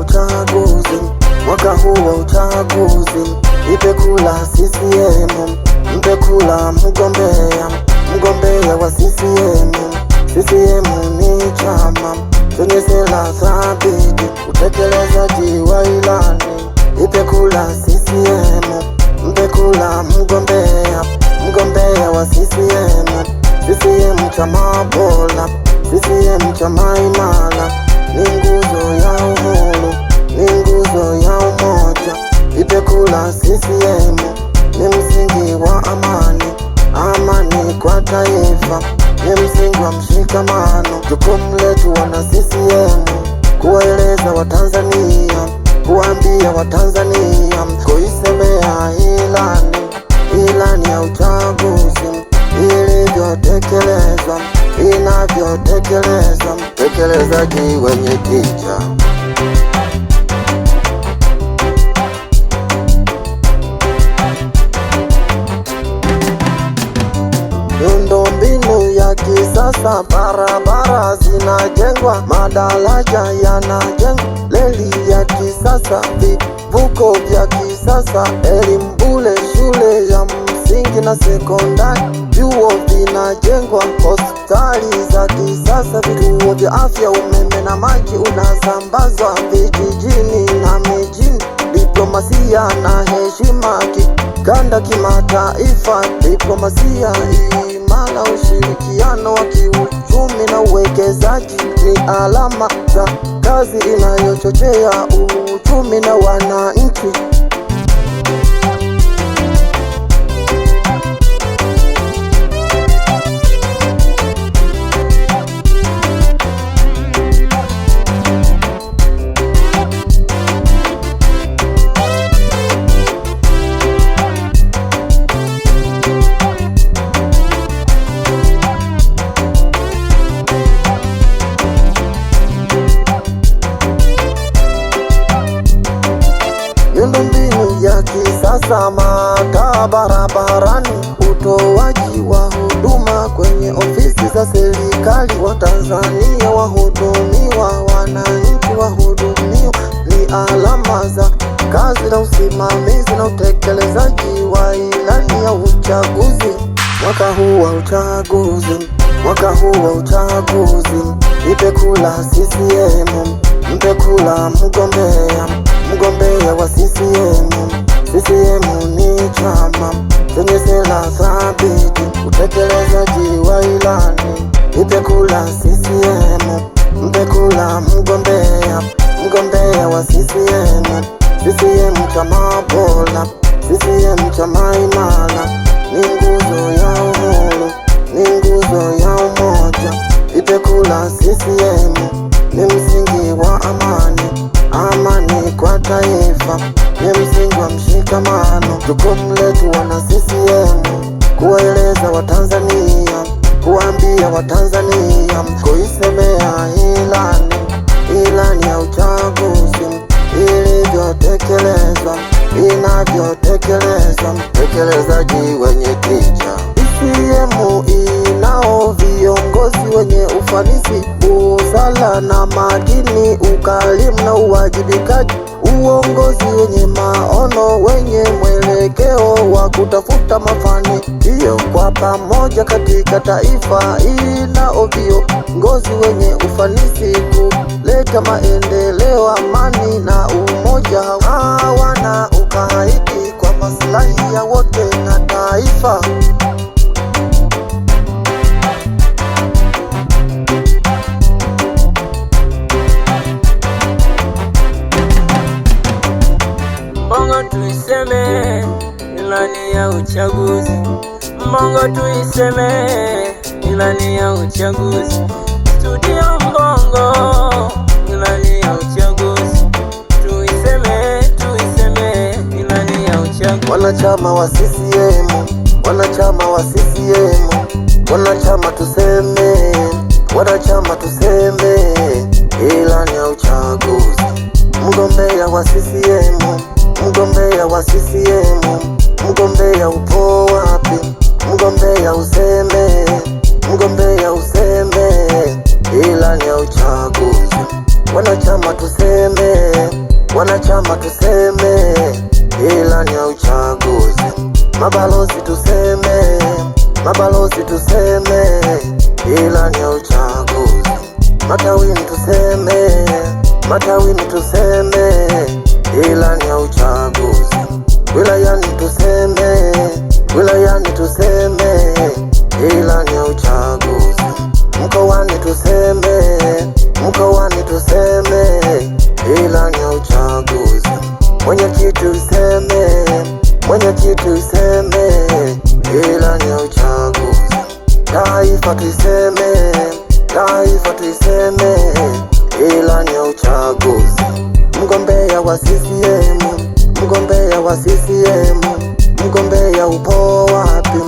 uchaguzi, mwaka huu wa uchaguzi, ipe kula CCM, mpe kula mgombea, mgombea wa CCM. CCM ni chama chenye sera thabiti, utekelezaji wa ilani, ipe kula CCM, mpe kula mgombea, mgombea wa CCM. CCM chama bora, CCM chama imara, ni nguzo ya nguzo ya umoja ipekula CCM ni msingi wa amani, amani kwa taifa ni msingi wa mshikamano. Jukumu letu wana CCM kuwaeleza Watanzania, kuwaambia Watanzania, kuisemea ilani, ilani ya uchaguzi ilivyotekelezwa, inavyotekelezwa, tekelezaji wenye tija sasa, barabara zinajengwa, madaraja yanajengwa, leli ya kisasa, vivuko vya kisasa, elimu shule ya msingi na sekondari, vyuo vinajengwa, hospitali za kisasa, vituo vya afya, umeme na maji unasambazwa vijijini na mijini, diplomasia na heshima kikanda, kimataifa, diplomasia hii na ushirikiano wa kiuchumi na uwekezaji ni alama za kazi inayochochea uchumi na wananchi. Samaka barabarani, utoaji wa huduma kwenye ofisi za serikali. Watanzania wahudumiwa, wananchi wahudumiwa, ni alama za kazi na usimamizi na utekelezaji wa ilani ya uchaguzi. Mwaka huu wa uchaguzi, mwaka huu wa uchaguzi, ipe kula CCM, mpe kula mgombea, mgombea wa CCM CCM ni chama chenye sera thabiti, utekelezaji wa ilani. Ipe kula CCM, mpe kula mgombea, mgombea wa CCM. CCM chama bora, CCM chama imara, ni nguzo ya Jukumu letu wana CCM kuwaeleza Watanzania, kuwaambia Watanzania kuisemea ilani, ilani ya uchaguzi ilivyotekelezwa, inavyotekelezwa, tekelezaji wenye tija. CCM inao viongozi wenye ufanisi, busara na makini, ukarimu na uwajibikaji, uongozi wenye maono, wenye mwe mwelekeo wa kutafuta mafanikio kwa pamoja katika taifa hili na ovyo ngozi wenye ufanisi kuleta maendeleo, amani na umoja. Hawana ukaidi kwa maslahi ya wote na taifa. tuseme ilani ya uchaguzi, studio Mbongo ilani ya uchaguzi, tuiseme, tuiseme ilani ya uchaguzi. Wanachama wa CCM, wanachama wa CCM, wanachama tuseme, wanachama tuseme wanachama tuseme, ilani ya uchaguzi, mabalozi tuseme, mabalozi tuseme, ilani ya uchaguzi, matawini tuseme, matawini tuseme, ilani ya uchaguzi, wilayani tuseme Taifa tuiseme, taifa tuiseme, ilani ya uchaguzi. Mgombea wa CCM, mgombea wa CCM, mgombea upo wapi?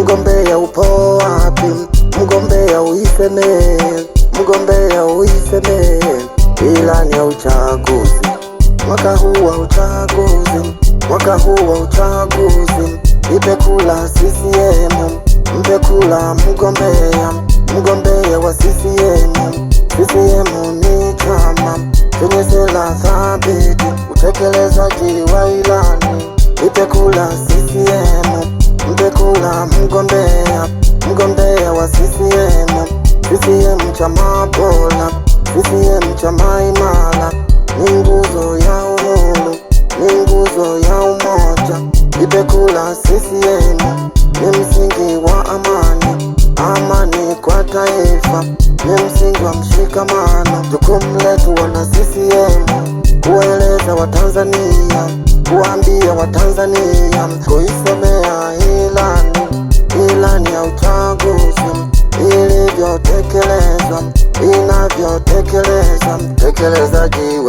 Mgombea upo wapi? Mgombea uiseme, mgombea uiseme, ilani ya uchaguzi. Mwaka huu wa uchaguzi, mwaka huu wa uchaguzi, ipe kula CCM Mjakula mgombea, mgombea wa CCM. CCM ni chama chenye sera thabiti, utekelezaji wa ilani. Mjakula CCM, mjakula mgombea, mgombea wa CCM. CCM chama bora, CCM chama imara, ni nguzo na CCM ni msingi wa amani, amani kwa taifa ni msingi wa mshikamano. Jukumu letu wana CCM kueleza Watanzania, kuambia Watanzania kuisomea ilani, ilani ya uchaguzi ilivyotekelezwa, inavyotekelezwa, tekelezaji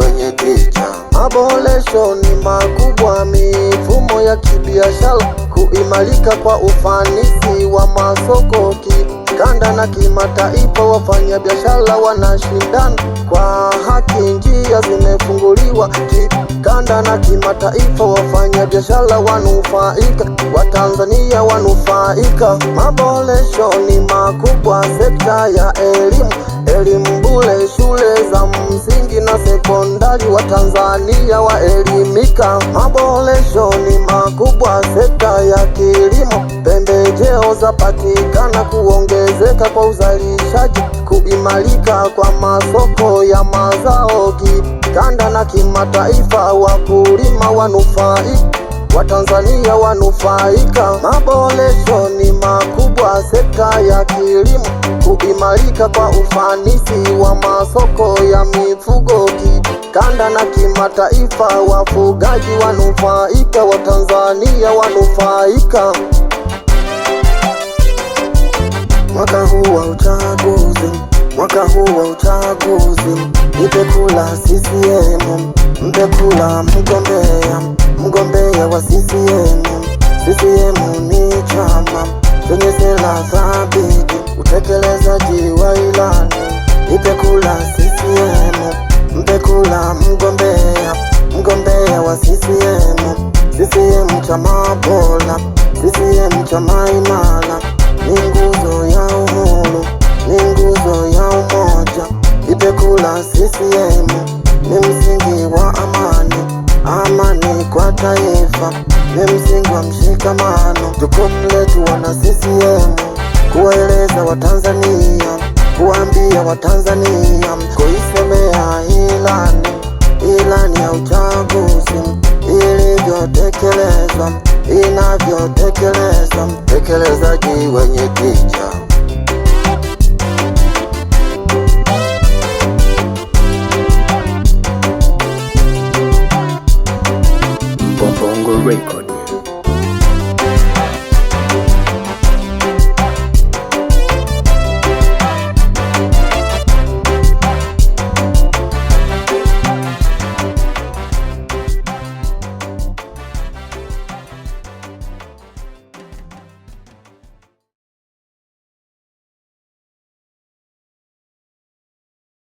Alika kwa ufanisi wa masoko kikanda na kimataifa, wafanya biashara wanashindana kwa haki, njia zimefunguliwa kikanda na kimataifa, wafanya biashara wanufaika, Watanzania wanufaika. Maboresho ni makubwa sekta ya elimu, elimu bure, shule za msingi na sekondari, Watanzania waelimika. Maboresho ni makubwa kubwa sekta ya kilimo, pembejeo zapatikana, kuongezeka kwa uzalishaji, kuimarika kwa masoko ya mazao kikanda na kimataifa, wakulima wanufaika. Watanzania wanufaika, maboresho ni makubwa, sekta ya kilimo kuimarika kwa ufanisi wa masoko ya mifugo kikanda na kimataifa, wafugaji wanufaika, Watanzania wanufaika mwaka huu wa uchaguzi mwaka huu wa uchaguzi, ipe kula CCM, mpe kula mgombea, mgombea wa CCM. CCM ni chama chenye sera thabiti, utekelezaji wa ilani. Ipe kula CCM, mpe kula mgombea, mgombea wa CCM. CCM chama bora, CCM chama imara Kibekula CCM ni msingi wa amani, amani kwa taifa ni msingi wa mshikamano. Jukumu letu wana CCM kuwaeleza Watanzania, kuwaambia Watanzania kuisemea ilani, ilani ya uchaguzi ilivyotekelezwa, inavyotekelezwa